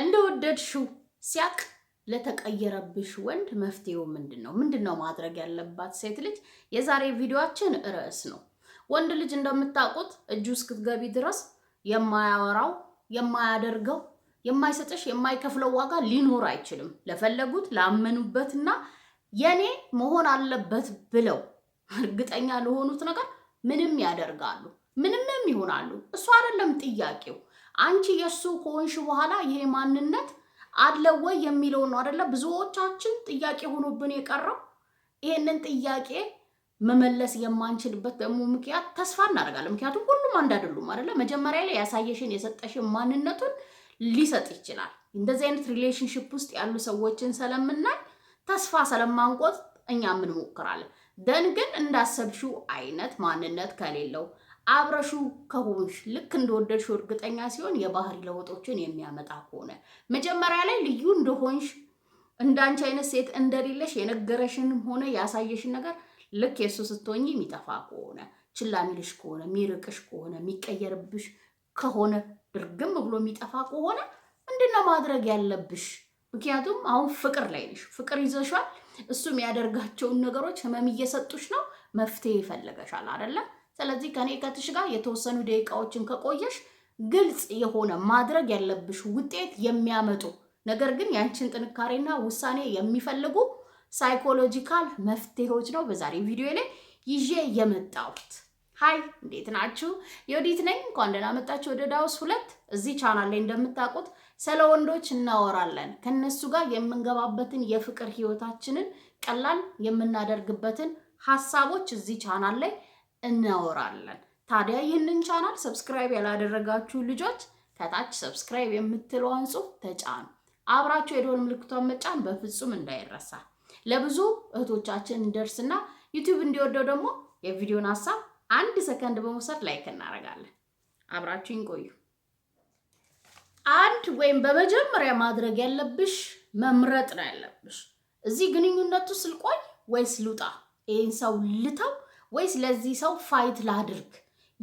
እንደወደድሽው ሲያቅ ለተቀየረብሽ ወንድ መፍትሄው ምንድን ነው? ምንድን ነው ማድረግ ያለባት ሴት ልጅ? የዛሬ ቪዲዮአችን ርዕስ ነው። ወንድ ልጅ እንደምታውቁት እጁ እስክትገቢ ድረስ የማያወራው የማያደርገው የማይሰጥሽ የማይከፍለው ዋጋ ሊኖር አይችልም። ለፈለጉት ላመኑበትና የኔ መሆን አለበት ብለው እርግጠኛ ለሆኑት ነገር ምንም ያደርጋሉ፣ ምንምም ይሆናሉ። እሱ አይደለም ጥያቄው። አንቺ የእሱ ከሆንሽ በኋላ ይሄ ማንነት አለ ወይ የሚለው ነው አደለ? ብዙዎቻችን ጥያቄ ሆኖብን የቀረው ይሄንን ጥያቄ መመለስ የማንችልበት ደግሞ ምክንያት ተስፋ እናደርጋለን። ምክንያቱም ሁሉም አንድ አይደሉም አደለ? መጀመሪያ ላይ ያሳየሽን የሰጠሽን ማንነቱን ሊሰጥ ይችላል። እንደዚህ አይነት ሪሌሽንሽፕ ውስጥ ያሉ ሰዎችን ስለምናይ ተስፋ ስለማንቆጥ እኛ ምንሞክራለን ደን ግን እንዳሰብሽው አይነት ማንነት ከሌለው አብረሹ ከሆንሽ ልክ እንደወደድሽ እርግጠኛ ሲሆን የባህሪ ለውጦችን የሚያመጣ ከሆነ መጀመሪያ ላይ ልዩ እንደሆንሽ እንዳንቺ አይነት ሴት እንደሌለሽ የነገረሽንም ሆነ ያሳየሽን ነገር ልክ የእሱ ስትሆኝ የሚጠፋ ከሆነ ችላ ከሆነ የሚርቅሽ ከሆነ የሚቀየርብሽ ከሆነ ድርግም ብሎ የሚጠፋ ከሆነ ምንድነው ማድረግ ያለብሽ? ምክንያቱም አሁን ፍቅር ላይ ነሽ፣ ፍቅር ይዘሻል። እሱ የሚያደርጋቸውን ነገሮች ህመም እየሰጡሽ ነው። መፍትሄ ይፈልገሻል አይደለም? ስለዚህ ከኔ ከትሽ ጋር የተወሰኑ ደቂቃዎችን ከቆየሽ ግልጽ የሆነ ማድረግ ያለብሽ ውጤት የሚያመጡ ነገር ግን ያንቺን ጥንካሬና ውሳኔ የሚፈልጉ ሳይኮሎጂካል መፍትሄዎች ነው በዛሬ ቪዲዮ ላይ ይዤ የመጣሁት። ሀይ እንዴት ናችሁ? የወዲት ነኝ። እንኳን ደህና መጣችሁ ወደ ዳውስ ሁለት። እዚህ ቻናል ላይ እንደምታውቁት ስለ ወንዶች እናወራለን። ከነሱ ጋር የምንገባበትን የፍቅር ህይወታችንን ቀላል የምናደርግበትን ሀሳቦች እዚህ ቻናል ላይ እናወራለን። ታዲያ ይህንን ቻናል ሰብስክራይብ ያላደረጋችሁ ልጆች ከታች ሰብስክራይብ የምትለውን ጽሑፍ ተጫኑ። አብራችሁ የደወል ምልክቷን መጫን በፍጹም እንዳይረሳ፣ ለብዙ እህቶቻችን እንደርስና ዩቲዩብ እንዲወደው ደግሞ የቪዲዮን ሀሳብ አንድ ሰከንድ በመውሰድ ላይክ እናደርጋለን። አብራችሁኝ ቆዩ። አንድ ወይም በመጀመሪያ ማድረግ ያለብሽ መምረጥ ነው ያለብሽ። እዚህ ግንኙነቱ ስልቆይ ወይስ ልውጣ፣ ይህን ሰው ልተው ወይስ ለዚህ ሰው ፋይት ላድርግ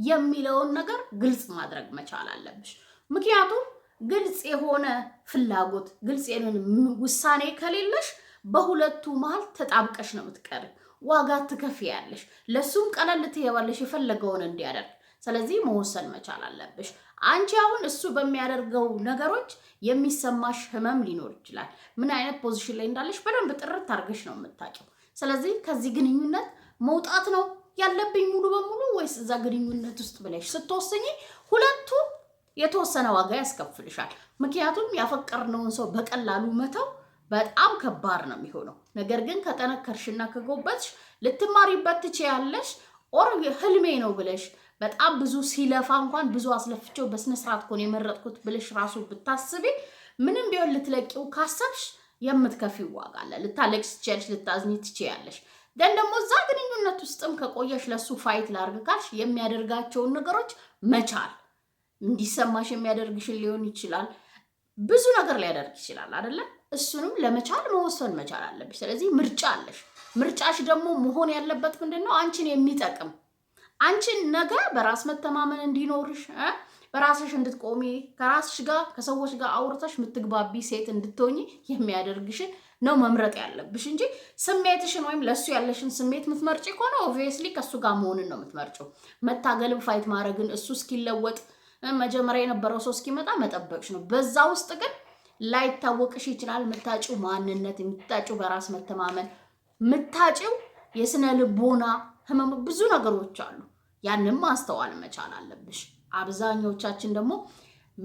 የሚለውን ነገር ግልጽ ማድረግ መቻል አለብሽ። ምክንያቱም ግልጽ የሆነ ፍላጎት፣ ግልጽ የሆነ ውሳኔ ከሌለሽ በሁለቱ መሀል ተጣብቀሽ ነው የምትቀር። ዋጋ ትከፍያለሽ። ለሱም ቀለል ትየባለሽ የፈለገውን እንዲያደርግ። ስለዚህ መወሰን መቻል አለብሽ። አንቺ አሁን እሱ በሚያደርገው ነገሮች የሚሰማሽ ህመም ሊኖር ይችላል። ምን አይነት ፖዚሽን ላይ እንዳለሽ በደንብ ጥርት አድርገሽ ነው የምታውቂው። ስለዚህ ከዚህ ግንኙነት መውጣት ነው ያለብኝ ሙሉ በሙሉ ወይስ እዛ ግንኙነት ውስጥ ብለሽ ስትወሰኝ ሁለቱ የተወሰነ ዋጋ ያስከፍልሻል። ምክንያቱም ያፈቀርነውን ሰው በቀላሉ መተው በጣም ከባድ ነው የሚሆነው። ነገር ግን ከጠነከርሽና ከጎበትሽ ልትማሪበት ትችያለሽ። ኦር ህልሜ ነው ብለሽ በጣም ብዙ ሲለፋ እንኳን ብዙ አስለፍቼው በስነስርዓት ኮን የመረጥኩት ብለሽ ራሱ ብታስቢ ምንም ቢሆን ልትለቂው ካሰብሽ የምትከፊው ዋጋ አለ። ልታለቅስ ትችያለሽ፣ ልታዝኝ ትችያለሽ። ደን ደግሞ እዛ ግንኙነት ውስጥም ከቆየሽ ለሱ ፋይት ላርግ ካልሽ የሚያደርጋቸውን ነገሮች መቻል እንዲሰማሽ የሚያደርግሽን ሊሆን ይችላል። ብዙ ነገር ሊያደርግ ይችላል አይደለም። እሱንም ለመቻል መወሰን መቻል አለብሽ። ስለዚህ ምርጫ አለሽ። ምርጫሽ ደግሞ መሆን ያለበት ምንድን ነው? አንቺን የሚጠቅም አንቺን ነገ በራስ መተማመን እንዲኖርሽ በራስሽ እንድትቆሚ ከራስሽ ጋር ከሰዎች ጋር አውርተሽ የምትግባቢ ሴት እንድትሆኚ የሚያደርግሽን ነው መምረጥ ያለብሽ እንጂ ስሜትሽን ወይም ለእሱ ያለሽን ስሜት የምትመርጪ ከሆነ ኦብቪየስሊ ከእሱ ጋር መሆንን ነው የምትመርጪው። መታገልም ፋይት ማድረግን እሱ እስኪለወጥ መጀመሪያ የነበረው ሰው እስኪመጣ መጠበቅሽ ነው። በዛ ውስጥ ግን ላይታወቅሽ ይችላል። ምታጭው ማንነት፣ የምታጭው በራስ መተማመን፣ ምታጭው የስነ ልቦና ህመም፣ ብዙ ነገሮች አሉ። ያንም ማስተዋል መቻል አለብሽ። አብዛኞቻችን ደግሞ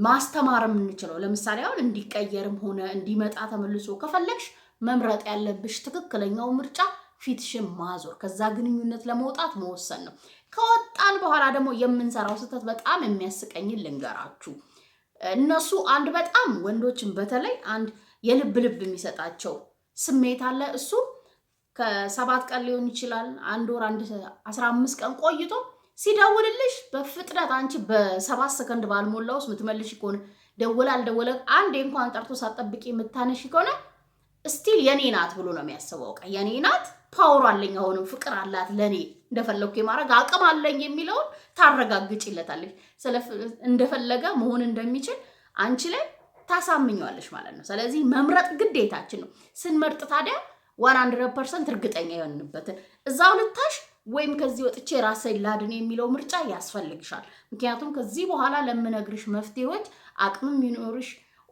ማስተማር የምንችለው ለምሳሌ አሁን እንዲቀየርም ሆነ እንዲመጣ ተመልሶ ከፈለግሽ መምረጥ ያለብሽ ትክክለኛው ምርጫ ፊትሽን ማዞር ከዛ ግንኙነት ለመውጣት መወሰን ነው። ከወጣን በኋላ ደግሞ የምንሰራው ስህተት በጣም የሚያስቀኝን ልንገራችሁ። እነሱ አንድ በጣም ወንዶችን በተለይ አንድ የልብ ልብ የሚሰጣቸው ስሜት አለ። እሱ ከሰባት ቀን ሊሆን ይችላል አንድ ወር አንድ አስራ አምስት ቀን ቆይቶ ሲደውልልሽ በፍጥነት አንቺ በሰባት ሰከንድ ባልሞላ ውስጥ የምትመልሽ ከሆነ ደውላ አልደወለ አንዴ እንኳን ጠርቶ ሳትጠብቂ የምታነሽ ከሆነ ስቲል የኔ ናት ብሎ ነው የሚያስበው። ቀ የኔ ናት፣ ፓወር አለኝ፣ አሁንም ፍቅር አላት ለእኔ እንደፈለግኩ የማድረግ አቅም አለኝ የሚለውን ታረጋግጭለታለች። እንደፈለገ መሆን እንደሚችል አንቺ ላይ ታሳምኘዋለች ማለት ነው። ስለዚህ መምረጥ ግዴታችን ነው። ስንመርጥ ታዲያ ዋን ሀንድረድ ፐርሰንት እርግጠኛ የሆንበትን እዛው ልታሽ ወይም ከዚህ ወጥቼ ራሴን ላድን የሚለው ምርጫ ያስፈልግሻል። ምክንያቱም ከዚህ በኋላ ለምነግርሽ መፍትሄዎች አቅምም ይኖርሽ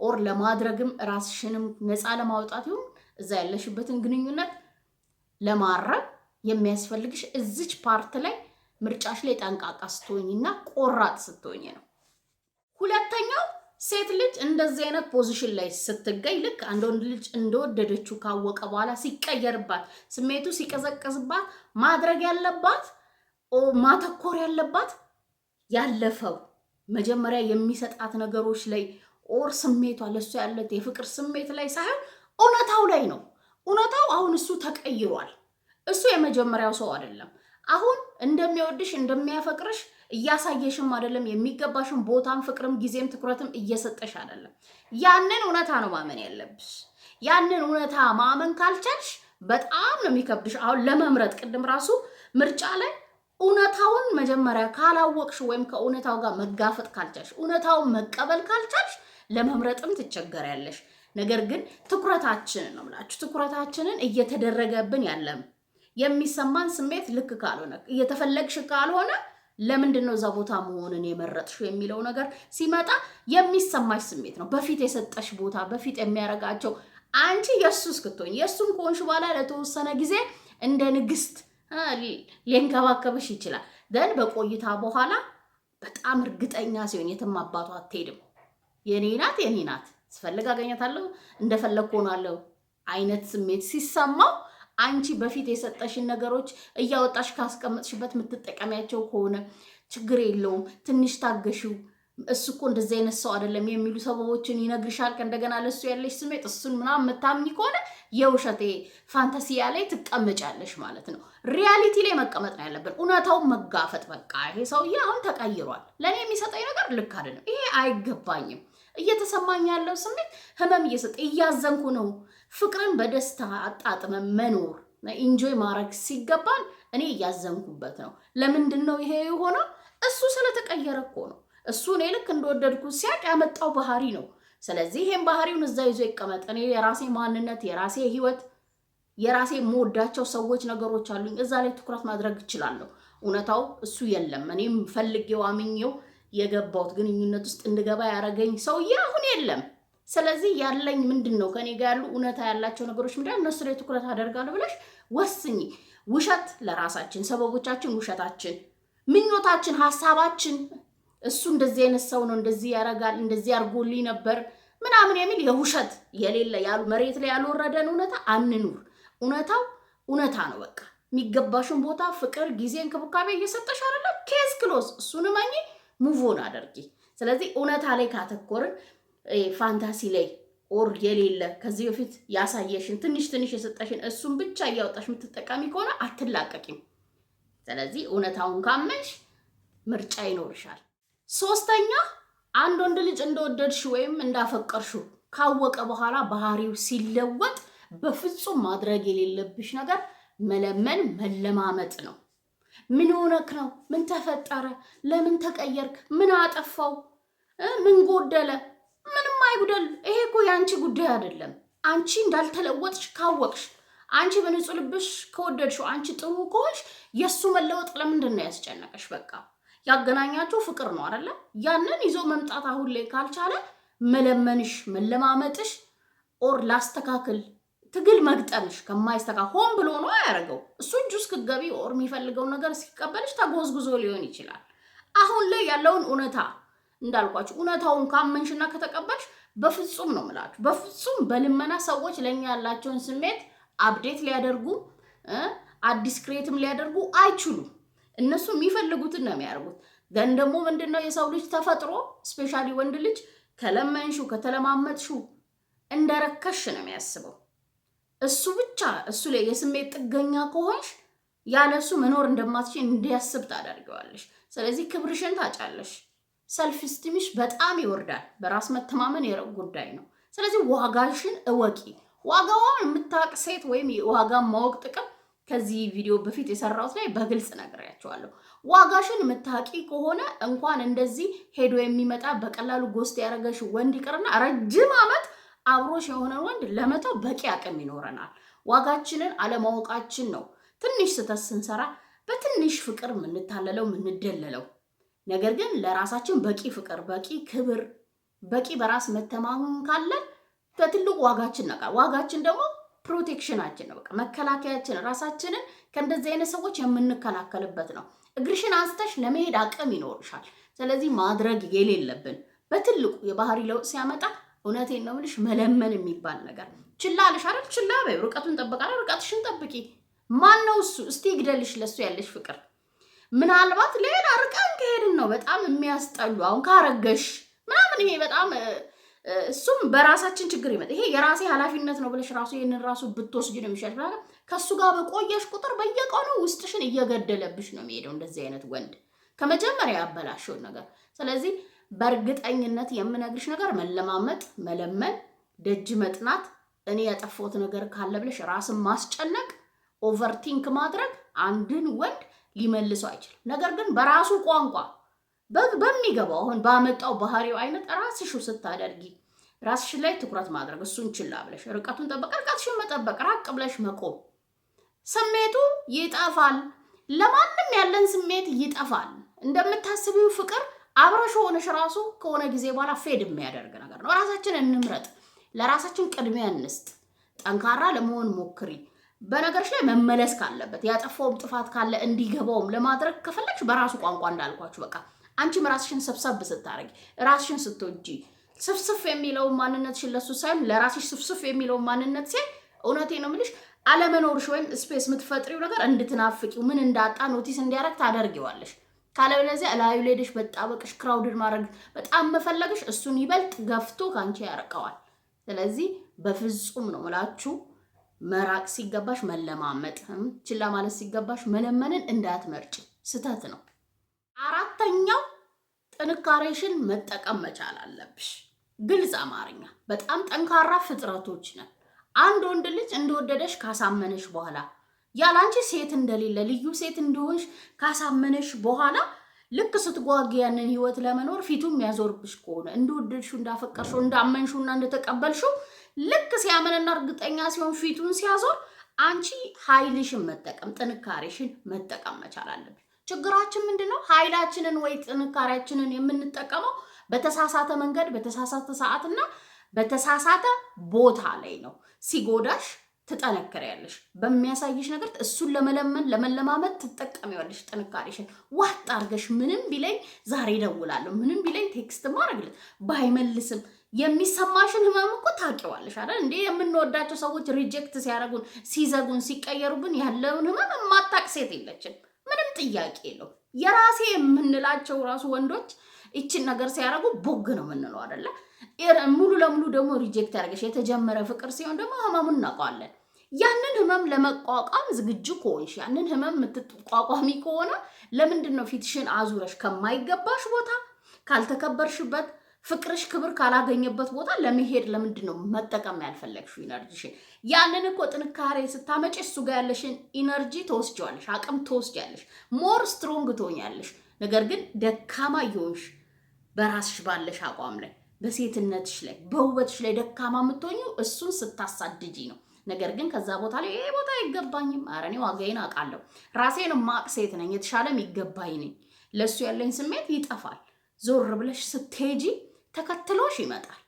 ኦር ለማድረግም ራስሽንም ነፃ ለማውጣት ይሁን እዛ ያለሽበትን ግንኙነት ለማረም የሚያስፈልግሽ እዚች ፓርት ላይ ምርጫሽ ላይ ጠንቃቃ ስትሆኝ ቆራጥ ስትሆኝ ነው። ሁለተኛው ሴት ልጅ እንደዚህ አይነት ፖዚሽን ላይ ስትገኝ ልክ አንድ ወንድ ልጅ እንደወደደችው ካወቀ በኋላ ሲቀየርባት፣ ስሜቱ ሲቀዘቀዝባት ማድረግ ያለባት ማተኮር ያለባት ያለፈው መጀመሪያ የሚሰጣት ነገሮች ላይ ኦር ስሜቷ ለእሱ ያለት የፍቅር ስሜት ላይ ሳይሆን እውነታው ላይ ነው። እውነታው አሁን እሱ ተቀይሯል። እሱ የመጀመሪያው ሰው አይደለም። አሁን እንደሚወድሽ እንደሚያፈቅርሽ እያሳየሽም አይደለም። የሚገባሽም ቦታም፣ ፍቅርም፣ ጊዜም ትኩረትም እየሰጠሽ አይደለም። ያንን እውነታ ነው ማመን ያለብሽ። ያንን እውነታ ማመን ካልቻልሽ በጣም ነው የሚከብድሽ። አሁን ለመምረጥ ቅድም ራሱ ምርጫ ላይ እውነታውን መጀመሪያ ካላወቅሽ ወይም ከእውነታው ጋር መጋፈጥ ካልቻልሽ፣ እውነታውን መቀበል ካልቻልሽ ለመምረጥም ትቸገሪያለሽ። ነገር ግን ትኩረታችንን ነው ምላችሁ ትኩረታችንን እየተደረገብን ያለም የሚሰማን ስሜት ልክ ካልሆነ እየተፈለግሽ ካልሆነ ለምንድን ነው እዛ ቦታ መሆንን የመረጥሽው የሚለው ነገር ሲመጣ የሚሰማሽ ስሜት ነው። በፊት የሰጠሽ ቦታ በፊት የሚያረጋቸው አንቺ የእሱ እስክትሆኝ የእሱም ከሆንሽ በኋላ ለተወሰነ ጊዜ እንደ ንግስት ሊንከባከብሽ ይችላል። ደን በቆይታ በኋላ በጣም እርግጠኛ ሲሆን የትም አባቷ አትሄድም። የኔ ናት የኔ ናት፣ ስፈልግ አገኘታለሁ፣ እንደፈለግ ሆናለሁ አይነት ስሜት ሲሰማው አንቺ በፊት የሰጠሽን ነገሮች እያወጣሽ ካስቀመጥሽበት የምትጠቀሚያቸው ከሆነ ችግር የለውም ትንሽ ታገሺው፣ እሱ እኮ እንደዚህ አይነት ሰው አይደለም የሚሉ ሰበቦችን ይነግርሻል። ከእንደገና ለሱ ያለሽ ስሜት እሱን ምናምን የምታምኝ ከሆነ የውሸቴ ፋንታሲያ ላይ ትቀመጫለሽ ማለት ነው። ሪያሊቲ ላይ መቀመጥ ነው ያለብን፣ እውነታውን መጋፈጥ። በቃ ይሄ ሰውዬ አሁን ተቀይሯል፣ ለእኔ የሚሰጠኝ ነገር ልክ አይደለም፣ ይሄ አይገባኝም እየተሰማኝ ያለው ስሜት ህመም እየሰጠ እያዘንኩ ነው። ፍቅርን በደስታ አጣጥመ መኖር ኢንጆይ ማድረግ ሲገባን እኔ እያዘንኩበት ነው። ለምንድን ነው ይሄ የሆነው? እሱ ስለተቀየረ እኮ ነው። እሱ እኔ ልክ እንደወደድኩ ሲያቅ ያመጣው ባህሪ ነው። ስለዚህ ይሄን ባህሪውን እዛ ይዞ ይቀመጥ። እኔ የራሴ ማንነት፣ የራሴ ህይወት፣ የራሴ የምወዳቸው ሰዎች፣ ነገሮች አሉኝ። እዛ ላይ ትኩረት ማድረግ እችላለሁ። እውነታው እሱ የለም። እኔም ፈልጌው አምኜው የገባሁት ግንኙነት ውስጥ እንድገባ ያደረገኝ ሰውዬ አሁን የለም። ስለዚህ ያለኝ ምንድን ነው ከኔ ጋር ያሉ እውነታ ያላቸው ነገሮች ምንድን እነሱ ላይ ትኩረት አደርጋለሁ ብለሽ ወስኝ። ውሸት ለራሳችን ሰበቦቻችን፣ ውሸታችን፣ ምኞታችን፣ ሀሳባችን እሱ እንደዚህ አይነት ሰው ነው እንደዚህ ያረጋል እንደዚህ አርጎልኝ ነበር ምናምን የሚል የውሸት የሌለ ያሉ መሬት ላይ ያልወረደን እውነታ አንኑር። እውነታው እውነታ ነው በቃ የሚገባሽን ቦታ፣ ፍቅር፣ ጊዜ፣ እንክብካቤ እየሰጠሽ አይደለም ኬዝ ክሎዝ እሱን መኝ ሙቮን አደርጊ። ስለዚህ እውነታ ላይ ካተኮርን ፋንታሲ ላይ ኦር የሌለ ከዚህ በፊት ያሳየሽን ትንሽ ትንሽ የሰጠሽን እሱን ብቻ እያወጣሽ የምትጠቀሚ ከሆነ አትላቀቂም። ስለዚህ እውነታውን ካመንሽ ምርጫ ይኖርሻል። ሶስተኛ አንድ ወንድ ልጅ እንደወደድሽ ወይም እንዳፈቀርሽው ካወቀ በኋላ ባህሪው ሲለወጥ በፍጹም ማድረግ የሌለብሽ ነገር መለመን መለማመጥ ነው። ምን ሆነክ ነው? ምን ተፈጠረ? ለምን ተቀየርክ? ምን አጠፋው? ምን ጎደለ? ምንም አይጉደል። ይሄ እኮ የአንቺ ጉዳይ አይደለም። አንቺ እንዳልተለወጥሽ ካወቅሽ፣ አንቺ በንጹህ ልብሽ ከወደድሽው፣ አንቺ ጥሩ ከሆንሽ የእሱ መለወጥ ለምንድን ነው ያስጨነቀሽ? በቃ ያገናኛችሁ ፍቅር ነው አይደለ? ያንን ይዞ መምጣት አሁን ላይ ካልቻለ መለመንሽ፣ መለማመጥሽ ኦር ላስተካክል ትግል መግጠምሽ ከማይስተካ ሆን ብሎ ነው አያደርገው እሱ እንጂ እስክትገቢ ኦር የሚፈልገው ነገር እስኪቀበልሽ ተጎዝጉዞ ሊሆን ይችላል። አሁን ላይ ያለውን እውነታ እንዳልኳቸው እውነታውን ካመንሽና ከተቀበልሽ በፍጹም ነው ምላችሁ፣ በፍጹም በልመና ሰዎች ለእኛ ያላቸውን ስሜት አፕዴት ሊያደርጉ አዲስ ክሬትም ሊያደርጉ አይችሉም። እነሱ የሚፈልጉትን ነው የሚያደርጉት። ገን ደግሞ ምንድነው የሰው ልጅ ተፈጥሮ ስፔሻሊ ወንድ ልጅ ከለመንሹ ከተለማመጥሹ እንደረከሽ ነው የሚያስበው እሱ ብቻ እሱ ላይ የስሜት ጥገኛ ከሆንሽ ያለ እሱ መኖር እንደማትችል እንዲያስብ ታደርገዋለሽ። ስለዚህ ክብርሽን ታጫለሽ። ሰልፍ ስቲምሽ በጣም ይወርዳል። በራስ መተማመን የረቅ ጉዳይ ነው። ስለዚህ ዋጋሽን እወቂ። ዋጋዋን የምታውቅ ሴት ወይም ዋጋን ማወቅ ጥቅም ከዚህ ቪዲዮ በፊት የሰራሁት ላይ በግልጽ ነግሬያቸዋለሁ። ዋጋሽን የምታውቂ ከሆነ እንኳን እንደዚህ ሄዶ የሚመጣ በቀላሉ ጎስት ያደረገሽ ወንድ ይቅርና ረጅም ዓመት አብሮሽ የሆነ ወንድ ለመተው በቂ አቅም ይኖረናል። ዋጋችንን አለማወቃችን ነው ትንሽ ስህተት ስንሰራ በትንሽ ፍቅር የምንታለለው የምንደለለው። ነገር ግን ለራሳችን በቂ ፍቅር፣ በቂ ክብር፣ በቂ በራስ መተማመን ካለን በትልቁ ዋጋችን ነቃ። ዋጋችን ደግሞ ፕሮቴክሽናችን ነው። በቃ መከላከያችን፣ ራሳችንን ከእንደዚህ አይነት ሰዎች የምንከላከልበት ነው። እግርሽን አንስተሽ ለመሄድ አቅም ይኖርሻል። ስለዚህ ማድረግ የሌለብን በትልቁ የባህሪ ለውጥ ሲያመጣ እውነቴን ነው የምልሽ፣ መለመን የሚባል ነገር ችላ አለሽ አይደል? ችላ በይው፣ ርቀቱን ጠብቃ፣ ርቀትሽን ጠብቂ። ማን ነው እሱ? እስቲ ይግደልሽ ለእሱ ያለሽ ፍቅር። ምናልባት ሌላ ርቀን ከሄድን ነው በጣም የሚያስጠሉ። አሁን ካረገሽ ምናምን ይሄ በጣም እሱም በራሳችን ችግር ይመጣ። ይሄ የራሴ ኃላፊነት ነው ብለሽ ራሱ ይህንን ራሱ ብትወስጂ ነው የሚሻልሽ። ከእሱ ጋር በቆየሽ ቁጥር በየቀኑ ውስጥሽን እየገደለብሽ ነው የሚሄደው እንደዚህ አይነት ወንድ ከመጀመሪያ ያበላሸውን ነገር ስለዚህ በእርግጠኝነት የምነግርሽ ነገር መለማመጥ፣ መለመን፣ ደጅ መጥናት፣ እኔ ያጠፋሁት ነገር ካለ ብለሽ ራስን ማስጨነቅ፣ ኦቨርቲንክ ማድረግ አንድን ወንድ ሊመልሰው አይችልም። ነገር ግን በራሱ ቋንቋ በሚገባው አሁን ባመጣው ባህሪው አይነት ራስሹ ስታደርጊ ራስሽ ላይ ትኩረት ማድረግ እሱን ችላ ብለሽ ርቀቱን ጠበቅ ርቀትሽን መጠበቅ ራቅ ብለሽ መቆም ስሜቱ ይጠፋል። ለማንም ያለን ስሜት ይጠፋል። እንደምታስቢው ፍቅር አብረሽ ሆነሽ ራሱ ከሆነ ጊዜ በኋላ ፌድ የሚያደርግ ነገር ነው። ራሳችን እንምረጥ፣ ለራሳችን ቅድሚያ እንስጥ፣ ጠንካራ ለመሆን ሞክሪ። በነገሮች ላይ መመለስ ካለበት ያጠፋውም ጥፋት ካለ እንዲገባውም ለማድረግ ከፈለግሽ በራሱ ቋንቋ እንዳልኳችሁ በቃ አንቺም ራስሽን ሰብሰብ ስታደርጊ ራስሽን ስትወጂ ስፍስፍ የሚለውን ማንነትሽን ለሱ ሳይሆን ለራስሽ ስፍስፍ የሚለውን ማንነት ሲል እውነቴ ነው የምልሽ አለመኖርሽ ወይም ስፔስ የምትፈጥሪው ነገር እንድትናፍቂው ምን እንዳጣ ኖቲስ እንዲያደርግ ታደርጊዋለሽ። ካለበለዚያ እላዩ ላይ በጣበቅሽ ክራውድድ ማድረግ በጣም መፈለግሽ እሱን ይበልጥ ገፍቶ ከአንቺ ያርቀዋል። ስለዚህ በፍጹም ነው ምላችሁ መራቅ ሲገባሽ መለማመጥ፣ ችላ ማለት ሲገባሽ መለመንን እንዳትመርጭ፣ ስተት ነው። አራተኛው ጥንካሬሽን መጠቀም መቻል አለብሽ። ግልጽ አማርኛ፣ በጣም ጠንካራ ፍጥረቶች ነን። አንድ ወንድ ልጅ እንደወደደሽ ካሳመነሽ በኋላ ያላንቺ ሴት እንደሌለ ልዩ ሴት እንደሆንሽ ካሳመነሽ በኋላ ልክ ስትጓጊ ያንን ህይወት ለመኖር ፊቱም ያዞርብሽ ከሆነ እንደወደድሽው እንዳፈቀርሽው እንዳመንሽው እና እንደተቀበልሽው ልክ ሲያመንና እርግጠኛ ሲሆን ፊቱን ሲያዞር አንቺ ኃይልሽን መጠቀም ጥንካሬሽን መጠቀም መቻል አለብሽ። ችግራችን ምንድን ነው? ኃይላችንን ወይ ጥንካሬያችንን የምንጠቀመው በተሳሳተ መንገድ በተሳሳተ ሰዓትና በተሳሳተ ቦታ ላይ ነው ሲጎዳሽ ትጠነክሪያለሽ። በሚያሳይሽ ነገር እሱን ለመለመን ለመለማመድ ትጠቀሚዋለሽ ጥንካሬሽን። ዋጥ አርገሽ ምንም ቢለኝ ዛሬ እደውላለሁ፣ ምንም ቢለኝ ቴክስት ማድረግለት ባይመልስም የሚሰማሽን ህመም እኮ ታውቂዋለሽ አይደል እንዴ? የምንወዳቸው ሰዎች ሪጀክት ሲያደርጉን፣ ሲዘጉን፣ ሲቀየሩብን ያለውን ህመም የማታውቅ ሴት የለችም። ምንም ጥያቄ የለው። የራሴ የምንላቸው ራሱ ወንዶች ይችን ነገር ሲያደርጉ ቦግ ነው የምንለው አደለ? ሙሉ ለሙሉ ደግሞ ሪጀክት ያደረገች የተጀመረ ፍቅር ሲሆን ደግሞ ህመሙን እናውቀዋለን። ያንን ህመም ለመቋቋም ዝግጁ ከሆንሽ ያንን ህመም የምትቋቋሚ ከሆነ ለምንድን ነው ፊትሽን አዙረሽ ከማይገባሽ ቦታ ካልተከበርሽበት ፍቅርሽ ክብር ካላገኘበት ቦታ ለመሄድ ለምንድን ነው መጠቀም ያልፈለግሽው ኢነርጂሽን? ያንን እኮ ጥንካሬ ስታመጪ እሱ ጋር ያለሽን ኢነርጂ ተወስጃለሽ፣ አቅም ተወስጃለሽ፣ ሞር ስትሮንግ ትሆኛለሽ። ነገር ግን ደካማ እየሆንሽ በራስሽ ባለሽ አቋም ላይ በሴትነትሽ ላይ በውበትሽ ላይ ደካማ የምትሆኙ እሱን ስታሳድጂ ነው። ነገር ግን ከዛ ቦታ ላይ ይሄ ቦታ አይገባኝም፣ ኧረ እኔ ዋጋዬን አውቃለሁ፣ ራሴን ማቅ ሴት ነኝ፣ የተሻለም ይገባኝ ነኝ፣ ለእሱ ያለኝ ስሜት ይጠፋል። ዞር ብለሽ ስትሄጂ ተከትሎሽ ይመጣል።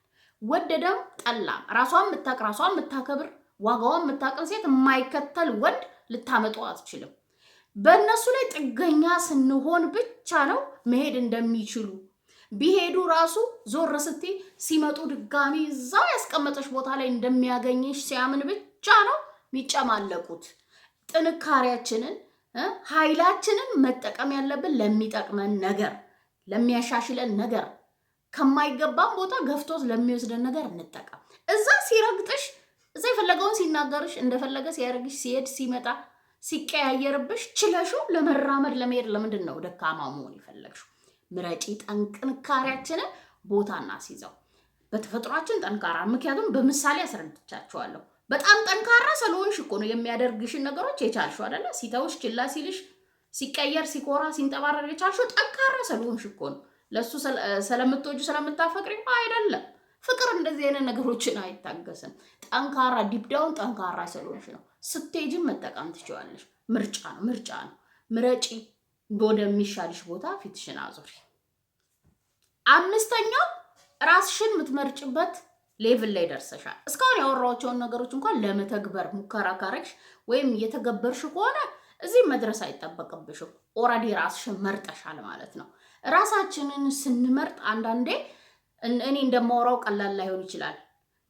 ወደደም ጠላም ራሷን የምታቅ ራሷን የምታከብር ዋጋዋን የምታቅን ሴት የማይከተል ወንድ ልታመጡ አትችልም። በእነሱ ላይ ጥገኛ ስንሆን ብቻ ነው መሄድ እንደሚችሉ ቢሄዱ ራሱ ዞር ስቲ ሲመጡ ድጋሚ እዛው ያስቀመጠች ቦታ ላይ እንደሚያገኝሽ ሲያምን ብቻ ነው የሚጨማለቁት። ጥንካሬያችንን ኃይላችንን መጠቀም ያለብን ለሚጠቅመን ነገር፣ ለሚያሻሽለን ነገር፣ ከማይገባም ቦታ ገፍቶት ለሚወስደን ነገር እንጠቀም። እዛ ሲረግጥሽ፣ እዛ የፈለገውን ሲናገርሽ፣ እንደፈለገ ሲያደርግሽ፣ ሲሄድ ሲመጣ ሲቀያየርብሽ ችለሹ ለመራመድ ለመሄድ ለምንድን ነው ደካማ መሆን የፈለግሽው? ምረጪ። ጥንካሬያችንን ቦታ እናስይዘው። በተፈጥሯችን ጠንካራ ምክንያቱም በምሳሌ አስረድቻችኋለሁ። በጣም ጠንካራ ስለሆንሽ እኮ ነው የሚያደርግሽን ነገሮች የቻልሽው አይደለ? ሲተውሽ፣ ችላ ሲልሽ፣ ሲቀየር፣ ሲኮራ፣ ሲንጠባረር የቻልሽው ጠንካራ ስለሆንሽ እኮ ነው። ለእሱ ስለምትወጁ ስለምታፈቅሪ አይደለም። ፍቅር እንደዚህ አይነት ነገሮችን አይታገስም። ጠንካራ ዲብዳውን ጠንካራ ስለሆንሽ ነው። ስቴጅን መጠቀም ትችዋለሽ። ምርጫ ነው ምርጫ ነው። ምረጪ። ወደሚሻልሽ ቦታ ፊትሽን አዙሪ። አምስተኛው ራስሽን የምትመርጭበት ሌቭል ላይ ደርሰሻል። እስካሁን ያወራኋቸውን ነገሮች እንኳን ለመተግበር ሙከራ ካረግሽ ወይም እየተገበርሽ ከሆነ እዚህም መድረስ አይጠበቅብሽም። ኦልሬዲ ራስሽን መርጠሻል ማለት ነው። ራሳችንን ስንመርጥ አንዳንዴ እኔ እንደማወራው ቀላል ላይሆን ይችላል።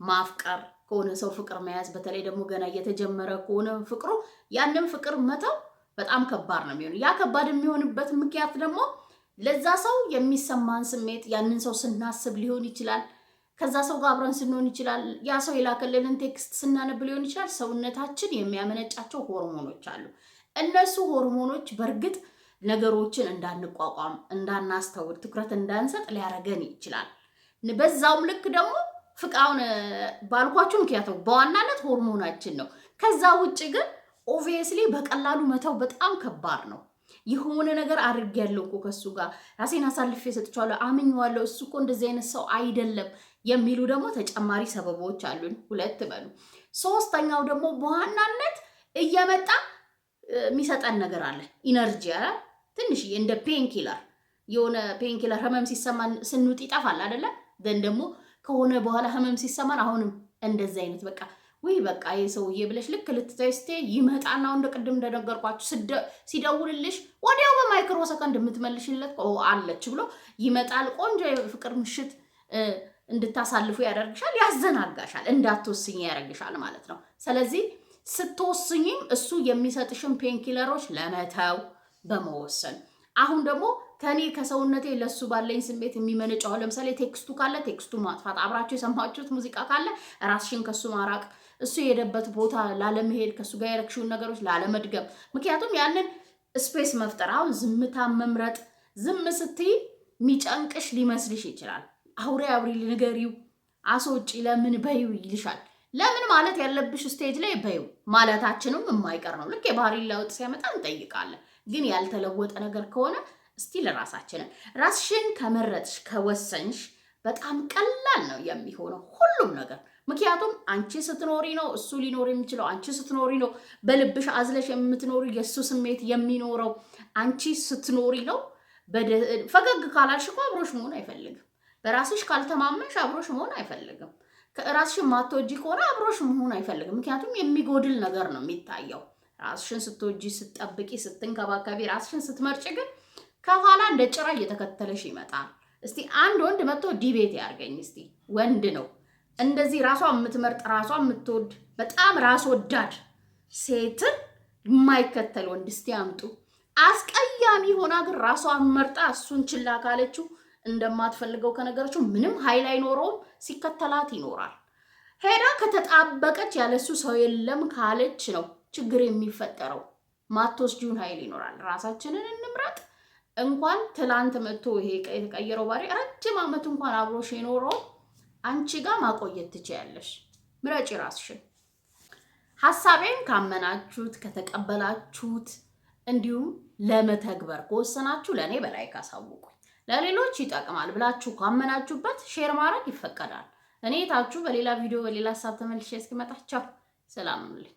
ማፍቀር ከሆነ ሰው ፍቅር መያዝ፣ በተለይ ደግሞ ገና እየተጀመረ ከሆነ ፍቅሩ ያንን ፍቅር መተው በጣም ከባድ ነው የሚሆነው። ያ ከባድ የሚሆንበት ምክንያት ደግሞ ለዛ ሰው የሚሰማን ስሜት ያንን ሰው ስናስብ ሊሆን ይችላል። ከዛ ሰው ጋር አብረን ስንሆን ይችላል። ያ ሰው የላከልንን ቴክስት ስናነብ ሊሆን ይችላል። ሰውነታችን የሚያመነጫቸው ሆርሞኖች አሉ። እነሱ ሆርሞኖች በእርግጥ ነገሮችን እንዳንቋቋም፣ እንዳናስተውል፣ ትኩረት እንዳንሰጥ ሊያረገን ይችላል። በዛውም ልክ ደግሞ ፍቃውን ባልኳችሁ ምክንያቱ በዋናነት ሆርሞናችን ነው። ከዛ ውጭ ግን ኦቪየስሊ በቀላሉ መተው በጣም ከባድ ነው። የሆነ ነገር አድርጌያለሁ እኮ ከሱ ጋር ራሴን አሳልፌ ሰጥቼዋለሁ፣ አምኜዋለሁ፣ እሱ እኮ እንደዚህ አይነት ሰው አይደለም የሚሉ ደግሞ ተጨማሪ ሰበቦች አሉን። ሁለት በሉ። ሶስተኛው ደግሞ በዋናነት እየመጣ የሚሰጠን ነገር አለ። ኢነርጂ አለ ትንሽ እንደ ፔንኪለር የሆነ ፔንኪለር ህመም ሲሰማን ስንውጥ ይጠፋል አይደለም? ዘን ደግሞ ከሆነ በኋላ ህመም ሲሰማን አሁንም እንደዚህ አይነት በቃ ውይ በቃ ይህ ሰውዬ ብለሽ ልክ ልትታይ ስትይ ይመጣና እንደ ቅድም እንደነገርኳችሁ ሲደውልልሽ ወዲያው በማይክሮ ሰከንድ የምትመልሽለት አለች ብሎ ይመጣል። ቆንጆ የፍቅር ምሽት እንድታሳልፉ ያደርግሻል፣ ያዘናጋሻል፣ እንዳትወስኝ ያደርግሻል ማለት ነው። ስለዚህ ስትወስኝም እሱ የሚሰጥሽን ፔንኪለሮች ለመተው በመወሰን አሁን ደግሞ ከኔ ከሰውነቴ ለሱ ባለኝ ስሜት የሚመነጫው ለምሳሌ ቴክስቱ ካለ ቴክስቱ ማጥፋት፣ አብራችሁ የሰማችሁት ሙዚቃ ካለ ራስሽን ከሱ ማራቅ፣ እሱ የሄደበት ቦታ ላለመሄድ፣ ከሱ ጋር ያረግሽውን ነገሮች ላለመድገም። ምክንያቱም ያንን ስፔስ መፍጠር። አሁን ዝምታ መምረጥ፣ ዝም ስትይ የሚጨንቅሽ ሊመስልሽ ይችላል። አውሬ አውሪ፣ ንገሪው፣ አስወጪ፣ ለምን በይው ይልሻል። ለምን ማለት ያለብሽ ስቴጅ ላይ በይው ማለታችንም የማይቀር ነው። ልክ የባህሪ ለውጥ ሲያመጣ እንጠይቃለን። ግን ያልተለወጠ ነገር ከሆነ ስቲል ራሳችንን ራስሽን ከመረጥሽ ከወሰንሽ በጣም ቀላል ነው የሚሆነው ሁሉም ነገር። ምክንያቱም አንቺ ስትኖሪ ነው እሱ ሊኖር የሚችለው። አንቺ ስትኖሪ ነው በልብሽ አዝለሽ የምትኖሪ የእሱ ስሜት የሚኖረው። አንቺ ስትኖሪ ነው። ፈገግ ካላልሽ እኮ አብሮሽ መሆን አይፈልግም። በራስሽ ካልተማመንሽ አብሮሽ መሆን አይፈልግም። ራስሽን ማትወጂ ከሆነ አብሮሽ መሆን አይፈልግም። ምክንያቱም የሚጎድል ነገር ነው የሚታየው። ራስሽን ስትወጂ፣ ስትጠብቂ፣ ስትንከባከቢ፣ ራስሽን ስትመርጭ ግን ከኋላ እንደ ጭራ እየተከተለሽ ይመጣል። እስቲ አንድ ወንድ መጥቶ ዲቤት ያርገኝ። እስቲ ወንድ ነው እንደዚህ ራሷ የምትመርጥ ራሷ የምትወድ በጣም ራስ ወዳድ ሴትን የማይከተል ወንድ እስቲ አምጡ። አስቀያሚ ሆና ግን ራሷን መርጣ እሱን ችላ ካለችው እንደማትፈልገው ከነገረችው ምንም ኃይል አይኖረውም፣ ሲከተላት ይኖራል። ሄዳ ከተጣበቀች ያለሱ ሰው የለም ካለች ነው ችግር የሚፈጠረው። ማትወስጂውን ኃይል ይኖራል። ራሳችንን እንምረጥ። እንኳን ትላንት መጥቶ ይሄ የተቀየረው ባሪ ረጅም ዓመት እንኳን አብሮሽ የኖረው አንቺ ጋር ማቆየት ትችያለሽ። ምረጭ ራስሽን። ሀሳቤን ካመናችሁት ከተቀበላችሁት፣ እንዲሁም ለመተግበር ከወሰናችሁ ለእኔ በላይ ካሳውቁኝ ለሌሎች ይጠቅማል ብላችሁ ካመናችሁበት ሼር ማድረግ ይፈቀዳል። እኔ ታችሁ በሌላ ቪዲዮ በሌላ ሀሳብ ተመልሼ እስኪመጣቸው ሰላም ሁኑልኝ።